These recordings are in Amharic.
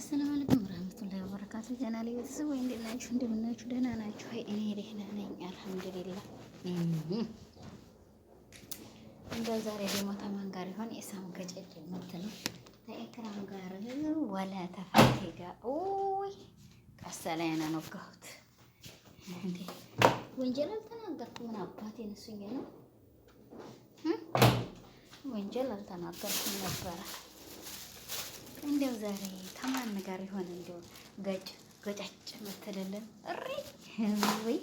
አሰላም አለይኩም ወራህመቱላሂ ወበረካቱ። ጀና ላይ ወይ እንዴት ናችሁ? እንደምናችሁ? ደህና ናችሁ? አይ እኔ ደህና ነኝ አልሐምዱሊላህ። እንደው ዛሬ ደግሞ ተማን ጋር ይሆን ኢሳም ገጨጭ የምትለው ከኤክራም ጋር ወላ ተፋቴ ጋር ኦይ ቀሰ ላይ ነው ነጋሁት እንዴ ወንጀል አልተናገርኩም። ምን አባቴ ነሱኝ ነው ወንጀል አልተናገርኩም ነበረ እንዲያው ዛሬ ተማን ጋር ይሆን እንዲያው ገጭ ገጫጭ መተለለን እሪ ወይ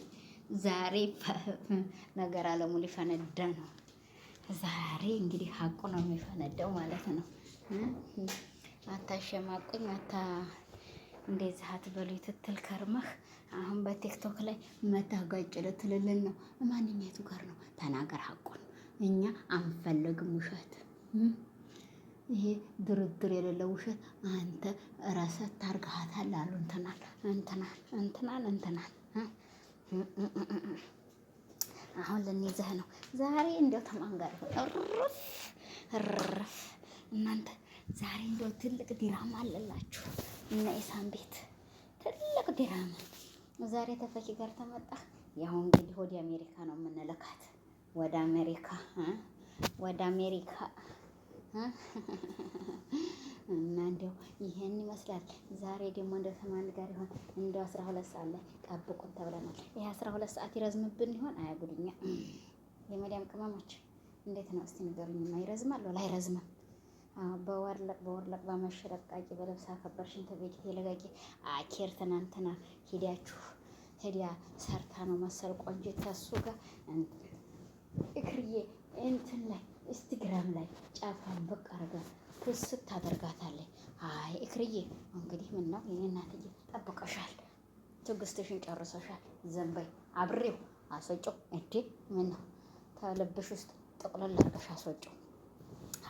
ዛሬ ነገር አለሙ ሊፈነዳ ነው። ዛሬ እንግዲህ ሀቁ ነው የሚፈነዳው ማለት ነው። አታሸማቁኝ አታ እንደዚህ አትበሉኝ ትትል ከርመህ አሁን በቲክቶክ ላይ መታጋጭ ልትልልን ነው። ማንኛቱ ጋር ነው ተናገር ሀቁን። እኛ አንፈልግም ውሸት ይሄ ድርድር የሌለ ውሸት አንተ ረሰት ታርግሃታል አሉ እንትናል እንትናል እንትናል እንትናል። አሁን ልንይዘህ ነው ዛሬ እንደው ተማንጋር ጋር እርፍ እናንተ ዛሬ እንደው ትልቅ ዲራማ አለላችሁ እና ኢሳም ቤት ትልቅ ዲራማ ዛሬ ተፈኪ ጋር ተመጣ። ያው እንግዲህ ወደ አሜሪካ ነው የምንልካት ወደ አሜሪካ ወደ አሜሪካ እና እንደው ይሄን ይመስላል። ዛሬ ደግሞ እንደ ተማን ጋር ይሆን እንደው አስራ ሁለት ሰዓት ላይ ጠብቁን ተብለናል። ይሄ አስራ ሁለት ሰዓት ይረዝምብን ይሆን? አያጉድኛ የመዳም ቅመሞች እንዴት ነው እስቲ ንገሩኝማ። ይረዝማል ወላ አይረዝምም? በወርለቅ በወርለቅ በመሸለቃቂ በለብሳ ከበርሽን ተቤት የለጋቂ አኬር ትናንትና ሂዳችሁ ሄዲያ ሰርታ ነው መሰል ቆንጆ ተሱ ጋር እክርዬ እንትን ላይ ኢንስታግራም ላይ ጫፋን ብቅ አርጋ ፖስት ታደርጋታለች። አይ እክርዬ እንግዲህ ምን ነው የኔ እናትዬ ጠብቀሻል፣ ትዕግስትሽን ጨርሰሻል። ዘንበይ አብሬው አስወጪው እንዴ ምን ነው ተለብሽ ውስጥ ጥቅልል አድርገሽ አስወጪው።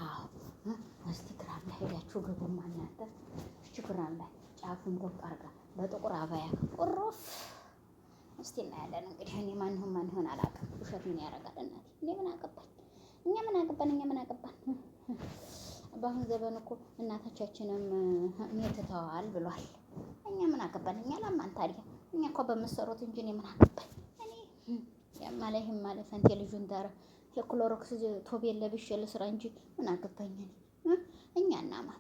አዎ ኢንስታግራም ላይ ሄዳችሁ ግቡማ እናንተ ኢንስታግራም ላይ ጫፉን ብቅ አርጋ በጥቁር አባያ ቁርፍ እስቲ እናያለን። እንግዲህ እኔ ማንሁን ማንሁን አላውቅም። ውሸት ምን ያደርጋል እናቴ፣ እኔ ምን አቀባኝ እኛ ምን አገባን? እኛ ምን አገባን? በአሁን ዘበን እኮ እናቶቻችንም ሜትተዋል ብሏል። እኛ ምን አገባን? እኛ ለማን ታዲያ? እኛ እኮ በምሰሩት እንጂ እኔ ምን አገባን? እኔ ያማ ላይ ህም አለ ፈንቴ ልጁን ዳረ የክሎሮክስ ቶቤል ለብሼ ልስራ እንጂ ምን አገባኝ እኛ እና እናማን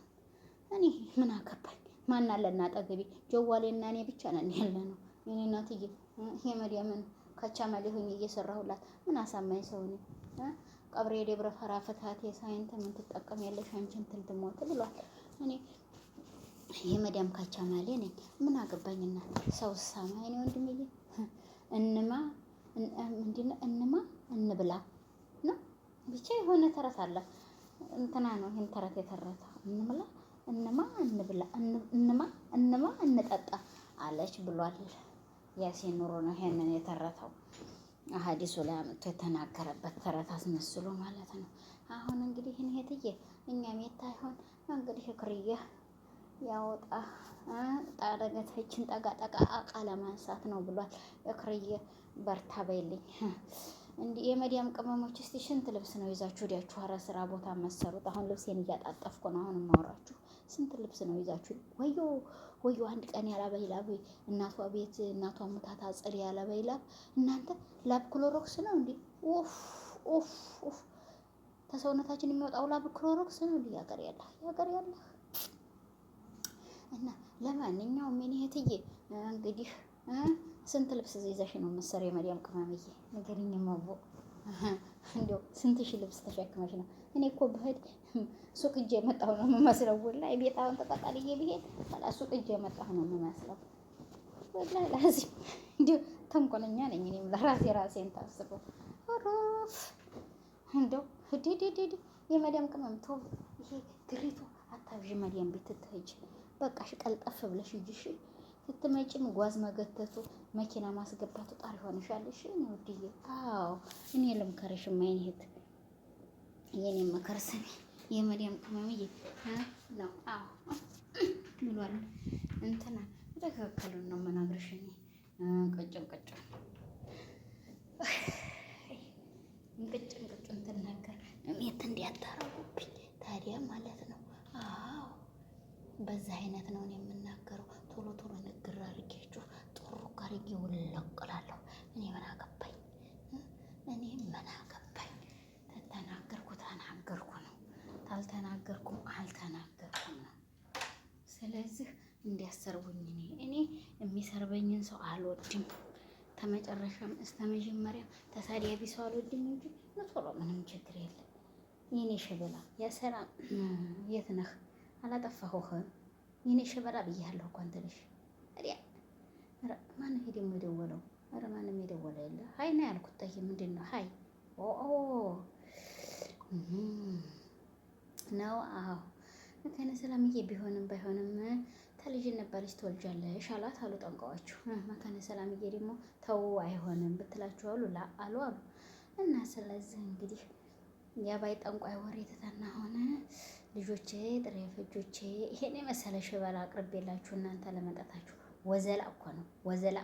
እኔ ምን አገባኝ? ማን አለ አለና ጀዋሌ እና እኔ ብቻ ነን ያለ ነው። እኔ እናትዬ የመዲያምን ከቻ መሌ ሆኜ እየሰራሁላት ምን አሳማኝ ሰው ነኝ? ቀብሬ የደብረ ፈራ ፍታት የሳይንት ምን ትጠቀም ያለሽ አንቺ እንትን ትሞት ብሏል። እኔ የመዳም ካቻ ማሌ ነኝ። ምን አገባኝና ሰው ሳማ ይኔ ወንድም ወንድምዬ እንማ ምንድን እንማ እንብላ ነው ብቻ የሆነ ተረት አለ። እንትና ነው ይህን ተረት የተረታ እንምላ እንማ እንብላ እንማ እንማ እንጠጣ አለች ብሏል። ያሴ ኑሮ ነው ይሄንን የተረተው። አሀዲሱ ላይ አምጥቶ የተናገረበት ተረት አስመስሎ ማለት ነው። አሁን እንግዲህ ትዬ እኛም የት አይሆን እንግዲህ እክርዬ ያወጣ ጣረገተችን ጠጋ አቃ ለማንሳት ነው ብሏል። እክርዬ በርታ በይልኝ። እንዲህ የመዲያም ቅመሞች እስቲ ሽንት ልብስ ነው ይዛችሁ ወዲያችሁ ኧረ ስራ ቦታ መሰሩት። አሁን ልብሴን እያጣጠፍኩ ነው አሁን ማውራችሁ። ስንት ልብስ ነው ይዛችሁ ወዮ ወዮ አንድ ቀን ያላበይላ እናቷ ቤት እናቷ ሙታታ ጸድ ያላበይላ እናንተ ላብ ክሎሮክስ ነው እንዴ? ኡፍ ኡፍ ኡፍ ተሰውነታችን የሚወጣው ላብ ክሎሮክስ ነው እንዴ? ያገር ያለ ያገር ያለ እና ለማንኛውም እኔ እህትዬ እንግዲህ ስንት ልብስ ዘይዘሽ ነው መሰሪ መዲያም ቅመምዬ ነገርኝ መቦ እንዲያው ስንት ሺህ ልብስ ተሸክመሽ ነው? እኔ እኮ ብሄድ ሱቅ እጄ መጣሁ ነው የምመስለው። ወላሂ ቤት አሁን ተጠቃልዬ ብሄድ ሱቅ እጄ መጣሁ ነው የምመስለው። ወላሂ ላዚ እንዲያው ተንኮለኛ ነኝ እኔም ለራሴ ራሴን ታስበው ሮፍ እንዲያው ዲዲዲዲ የመዳም ቅመም ተው፣ ይሄ ድሪቱ አታብዥ መዲያም ቤት ትትሄጅ በቃሽ ቀልጠፍ ብለሽ ሂጂ ስትመጪም ጓዝ መገተቱ መኪና ማስገባቱ ጣር ይሆንሻል። እሺ እኔ ውድዬ፣ አዎ እኔ ልምከርሽ የማይን እህት፣ የኔ መከር ስሚ፣ የመዲያም ቅመምዬ ነው። አዎ ምሏል እንትና ትክክሉ አልተናገርኩም አልተናገርኩም ነው። ስለዚህ እንዲያሰርቡኝ እኔ እኔ የሚሰርበኝን ሰው አልወድም። ተመጨረሻም እስተ መጀመሪያም ተሳዳቢ ሰው አልወድም እንጂ ቶሎ ምንም ችግር የለም። የኔ ሸበላ የሰራ የት ነህ? አላጠፋሁህ የኔ ሸበላ ብያለሁ እኮ አንተ ነሽ። ማን ሄደም የደወለው? ኧረ ማንም የደወለ የለ። ሀይ ነው ያልኩት። ጠይቅ ምንድን ነው ሀይ ኦ ነው? አዎ መካነ ሰላምዬ ቢሆንም ባይሆንም ተልጅን ነበረች ትወልጃለሽ አላት አሉ ጠንቋዎቹ። መካነ ሰላምዬ ደግሞ ተው አይሆንም ብትላችሁ አሉ ላ አሉ አሉ እና ስለዚህ እንግዲህ የባይ ጠንቋይ ወሬ የተጠና ሆነ ልጆቼ ጥሬ ፍጆቼ ይሄን የመሰለ ሽበላ አቅርቤላችሁ እናንተ ለመጠጣችሁ ወዘላ እኮ ነው ወዘላ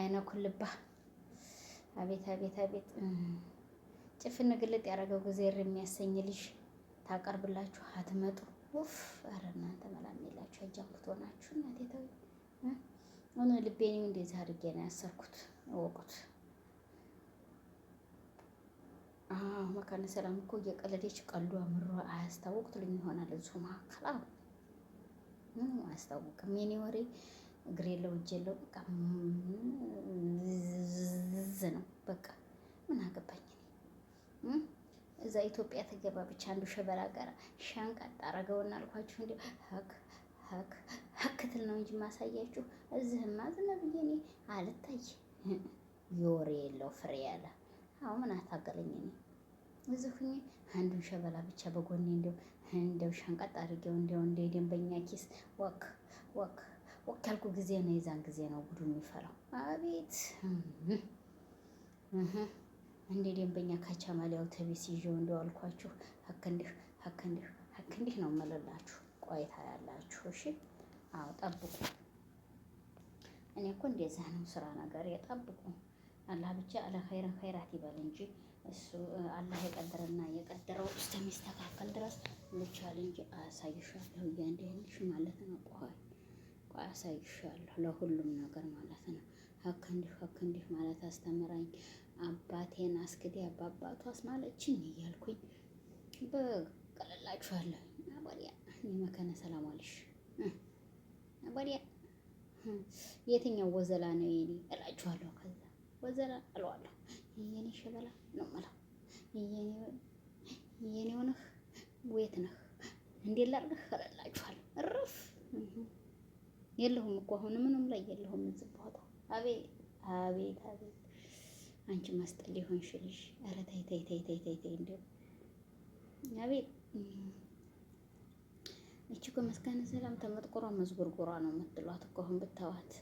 አይነ ኩልባ አቤት አቤት አቤት ጭፍን ግልጥ ያደረገው ጊዜ የሚያሰኝ ልጅ ታቀርብላችሁ አትመጡ። ውፍ አረ እናንተ መላም የላችሁ አጃምብቶ ናችሁ። እናቴ ተው ሆነ ልቤን እንደዚህ አድርጌ ነው ያሰርኩት። እወቁት። አዎ መካነ ሰላም እኮ እየቀለደች ቀሉ አምሮ አያስታውቅ ትሉኝ ይሆናል። እዙ መካከል አሁ ምንም አያስታውቅም። የኔ ወሬ እግር የለው እጅ የለው በቃ ዝዝ ነው። በቃ ምን አገባኝ እዛ ኢትዮጵያ ተገባ ብቻ አንዱ ሸበላ ጋራ ሻንቃጣ አረገውና አልኳችሁ። እንዲ ሀክ ሀክ ሀክ ትል ነው እንጂ ማሳያችሁ። እዚህማ ዝናብ እኔ አልታይ የወሬ የለው ፍሬ ያለ አሁ ምን አታገለኝ እኔ እዚሁኝ አንዱን ሸበላ ብቻ በጎኔ እንዲያው እንዲያው ሻንቃጣ አድርጌው እንዲያው እንደ ደንበኛ ኪስ ወክ ወክ ወክ ያልኩ ጊዜ ነው የዛን ጊዜ ነው ጉዱ የሚፈራው አቤት እህ እንደ ደንበኛ ካቻማሊያው ተቤስ ይዤው እንደው አልኳችሁ ሀክ እንዲህ ሀክ ነው የምልላችሁ። ቆይታ ያላችሁ እሺ። አዎ ጠብቁ። እኔ እኮ እንደዛ ነው ስራ ነገር የጠብቁ። አላህ ብቻ አለ ኸይረን ኸይራት ይበል እንጂ እሱ አላህ የቀደረና የቀደረው እስከሚስተካከል ድረስ ልቻል እንጂ አያሳይሻለሁ፣ እያንዳንድሽ ማለት ነው። ቆይ ቆይ አሳይሻለሁ፣ ለሁሉም ነገር ማለት ነው። ሀክ እንዲህ ሀክ እንዲህ ማለት አስተምራኝ አባቴን አስክዴ አባባቱ አስማለችን እያልኩኝ በቀለላችኋለሁ። አባዲያ የመከነ ሰላም አልሽ አባዲያ የትኛው ወዘላ ነው የኔ እላችኋለሁ። ከዛ ወዘላ እለዋለሁ። የኔ ሸበላ ነው የምለው። የኔ ሆነህ ወየት ነህ እንዴት ላድርግህ እላችኋለሁ። እረፍ የለሁም እኮ አሁን ምንም ላይ የለሁም። እንዝባታ አቤት አቤት አቤት አንቺ ማስጠል ሆንሽ ሽልሽ። ኧረ ተይ ተይ ተይ ተይ ተይ ተይ! እንደው አቤት! እቺ እኮ መስካነ ሰላም ተመጥቆሯ መዝጎርጎሯ ነው የምትሏት እኮ አሁን ብታዋት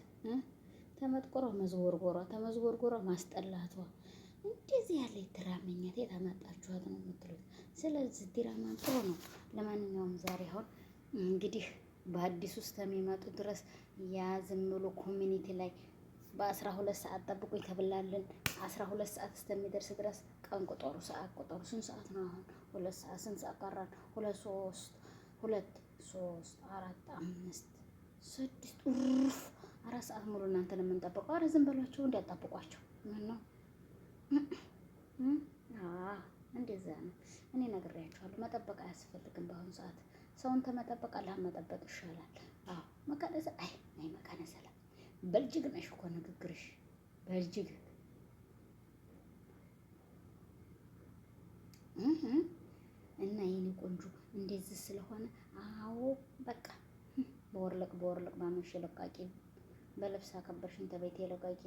ተመጥቆሯ መዝጎርጎሯ፣ ተመዝጎርጎሯ ማስጠላቷ እንደዚህ ያለ ድራመኛት የታመጣችኋት ነው የምትሉት። ስለዚህ ድራማ ጥሩ ነው። ለማንኛውም ዛሬ አሁን እንግዲህ በአዲሱ እስከሚመጡ ድረስ ያ ዝም ብሎ ኮሚኒቲ ላይ በአስራ ሁለት ሰዓት ጠብቆ ይተብላለን። አስራ ሁለት ሰዓት እስከሚደርስ ድረስ ቀን ቁጠሩ፣ ሰዓት ቁጠሩ። ስንት ሰዓት ነው አሁን? ሁለት ሰዓት። ስንት ሰዓት ቀራል? ሁለት ሶስት ሁለት ሶስት አራት አምስት ስድስት ኡፍ አራት ሰዓት ሙሉ እናንተን የምንጠብቀው። አረ ዝም በሏቸው፣ እንዲያጣብቋቸው ምን ነው እንደዛ ነው። እኔ ነግሬያቸዋለሁ፣ መጠበቅ አያስፈልግም። በአሁኑ ሰዓት ሰውን ተመጠበቅ አላህን መጠበቅ ይሻላል። አዎ መካነ ሰላም አይ መካነ ሰላም በልጅግ ነሽ እኮ ንግግርሽ በልጅግ እና የኔ ቆንጆ እንደዚህ ስለሆነ አዎ በቃ በወርልቅ በወርልቅ ባመሽ ለቃቂ በልብስ አከበርሽን ተቤት ለቃቂ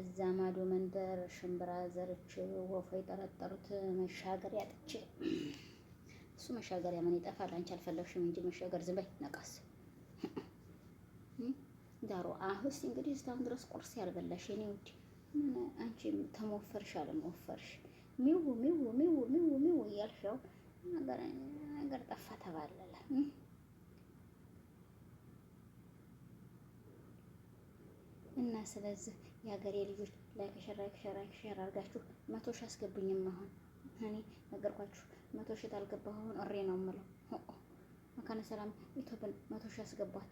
እዛ ማዶ መንደር ሽምብራ ዘርች ወፎ የጠረጠሩት መሻገሪያ አጥቼ እሱ መሻገሪያ ምን ይጠፋል? አንቺ አልፈለግሽም እንጂ መሻገር ዝም በይ ነቃስ ዳሮ አሁስ እንግዲህ እስካሁን ድረስ ቁርስ ያልበላሽ የኔ ውድ አንቺ ተሞፈርሽ አለመወፈርሽ ሚው ሚው ሚው ሚው ሚው እያልሽው ነገር ጠፋ ተባለለ። እና ስለዚህ የሀገሬ ልጆች ላይክ ሸር ላይክ ሸር ላይክ ሸር አድርጋችሁ መቶ ሺህ አስገቡኝም። አሁን እኔ ነገርኳችሁ መቶ ሺህ አሁን እሬ ነው የምለው። መካነ ሰላም ኢትዮጵያን መቶ ሺህ አስገቧት።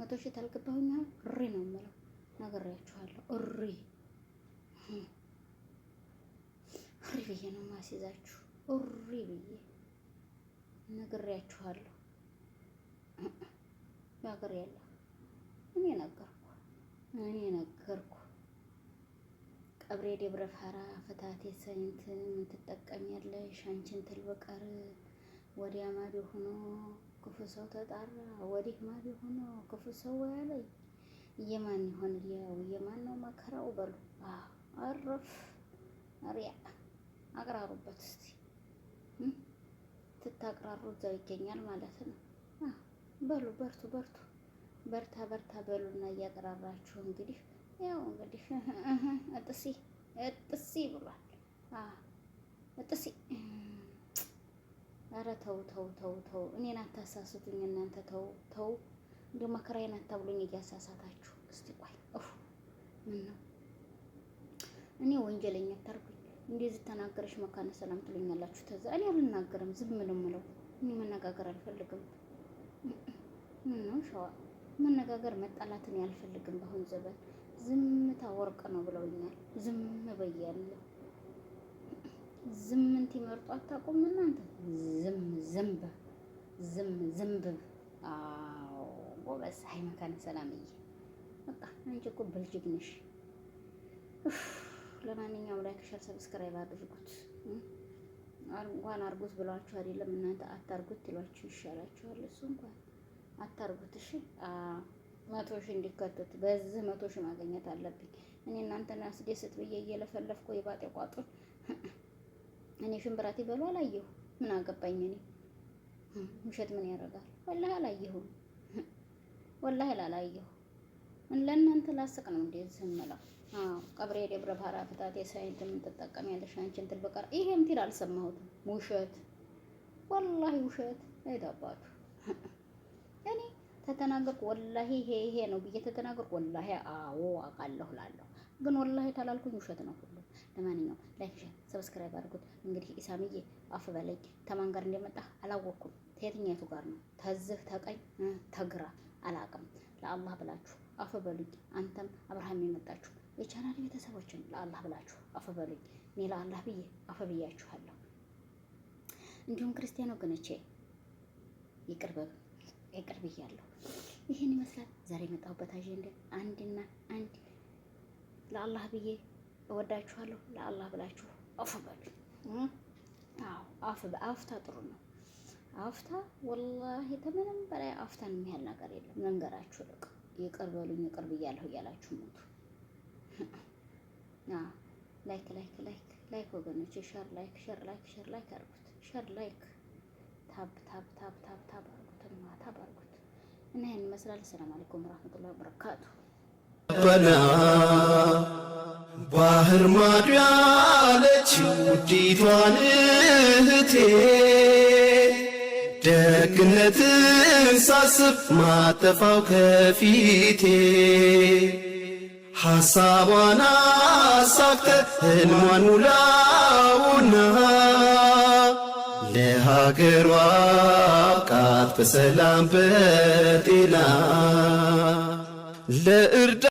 መቶ ሺህ ታልገባሁኝ አሁን እሬ ነው የምለው። ነገሬያችኋለሁ እሬ እሪ ብዬ ነው ማስይዛችሁ። እሪ ብዬ ነግሬያችኋለሁ። ያገር ያለ እኔ ነገርኩ፣ እኔ ነገርኩ። ቀብሬ ደብረ ፋራ ፍታቴ ሰኝት ምን ትጠቀሚያለሽ? አንቺን ትልበቀር በቀር ወዲያ ማዶ ሆኖ ክፉ ሰው ተጣራ፣ ወዲህ ማዲ ሆኖ ክፉ ሰው ያለኝ የማን ይሆን? ያው የማን ነው መከራው? በሉ አረፍ አሪያ አቅራሩበት እስቲ ትታቅራሩ እዛው ይገኛል ማለት ነው። በሉ በርቱ በርቱ በርታ በርታ በሉና እያቀራራችሁ እንግዲህ ያው እንግዲህ እጥሲ እጥሲ ብሏል። እጥሲ ኧረ ተው ተው ተው ተው፣ እኔን አታሳስቱኝ እናንተ ተው ተው፣ እንዲሁ መከራዬን አታብሉኝ እያሳሳታችሁ። እስቲ ቆይ ምን ነው እኔ ወንጀለኛ ታርጉኝ እንዴ ዝተናገረሽ መካነ ሰላም ትሉኛላችሁ። ተዛ እኔ አልናገርም፣ ዝም ነው ምለው እኔ መነጋገር አልፈልግም። ምን ሸዋ መነጋገር መጣላት እኔ አልፈልግም። በአሁን ዘበን ዝምታ ወርቅ ነው ብለውኛል። ዝም ዝም ዝምን ትመርጡ አታውቁም እናንተ። ዝም ዝምብ ዝም ዝምብ። አዎ ጎበዝ። አይ መካነ ሰላምዬ፣ በቃ አንቺ እኮ ብልጅግ ነሽ። ለማንኛውም ላይክ፣ ሸር፣ ሰብስክራይብ አድርጉት። እንኳን አርጉት ብሏችሁ አይደለም እናንተ አታርጉት ትሏችሁ ይሻላችኋል። እሱ እንኳን አታርጉት። እሺ መቶ ሺህ እንዲከቱት በዚህ መቶ ሺህ ማግኘት አለብኝ። እኔ እናንተን አስደስት ብዬ እየለፈለፍኩ የባጤ ቋጡ እኔ ሽንብራት ይበሉ አላየሁ። ምን አገባኝ እኔ ውሸት ምን ያደርጋል? ወላሂ አላየሁም፣ ወላሂ ላላየሁ ለእናንተ ላስቅ ነው እንደዚህ የምለው። ቀብሬ ደብረ ባህራ ፍታቴ ሳይንት ምን ትጠቀሚያለሽ አንቺ እንትን በቀር ይሄ እንትን አልሰማሁትም። ውሸት ወላሂ ውሸት አይታባችሁ። እኔ ተተናገርኩ ወላሂ ይሄ ይሄ ነው ብዬ ተተናገርኩ ወላሂ አዎ አውቃለሁ ላለሁ ግን ወላሂ ታላልኩኝ ውሸት ነው ሁሉ። ለማንኛውም ላይክ፣ ሼር፣ ሰብስክራይብ አድርጉት። እንግዲህ ኢሳምዬ አፍ በለኝ ተማን ጋር እንደመጣ አላወቅኩም። ከየትኛቱ ጋር ነው ተዝህ ተቀኝ ተግራ አላውቅም። ለአላህ ብላችሁ አፍ በሉኝ። አንተም አብርሃም የመጣችሁ የቻናል ቤተሰቦችን ለአላህ ብላችሁ አፈበሉኝ እኔ ለአላህ ብዬ አፈብያችኋለሁ እንዲሁም ክርስቲያን ወገኖቼ ይቅር ይቅር ይህን ይመስላል ዛሬ የመጣሁበት አጀንዳ አንድና አንድ ለአላህ ብዬ እወዳችኋለሁ። ለአላህ ብላችሁ አፍ አዎ አፍ አፍታ ጥሩ ነው። አፍታ ወላሂ ከምንም በላይ አፍታን የሚያህል ነገር የለም። መንገራችሁ ልቅ ይቅር በሉኝ ይቅር ብያለሁ እያላችሁ ሞቱ ላይክ ላይክ ላይክ ላይክ ወገኖች ሸር ላይክ ሸር ላይክ ሸር ላይክ አርጉት። ሸር ላይክ ታብ ታብ ታብ ታብ ታብ አርጉት እና አርጉት እና ይሄን ይመስላል። ሰላም አለይኩም ወራህመቱላሂ ወበረካቱ። በና ባህር ማዶ ያለች ውዲቷን እህቴ ደግነትን ሳስብ ማጠፋው ከፊቴ ሐሳቧን አሳክተ ሕልሟን ሙላውና ለሀገሯ አብቃት በሰላም በጤና ለእርዳ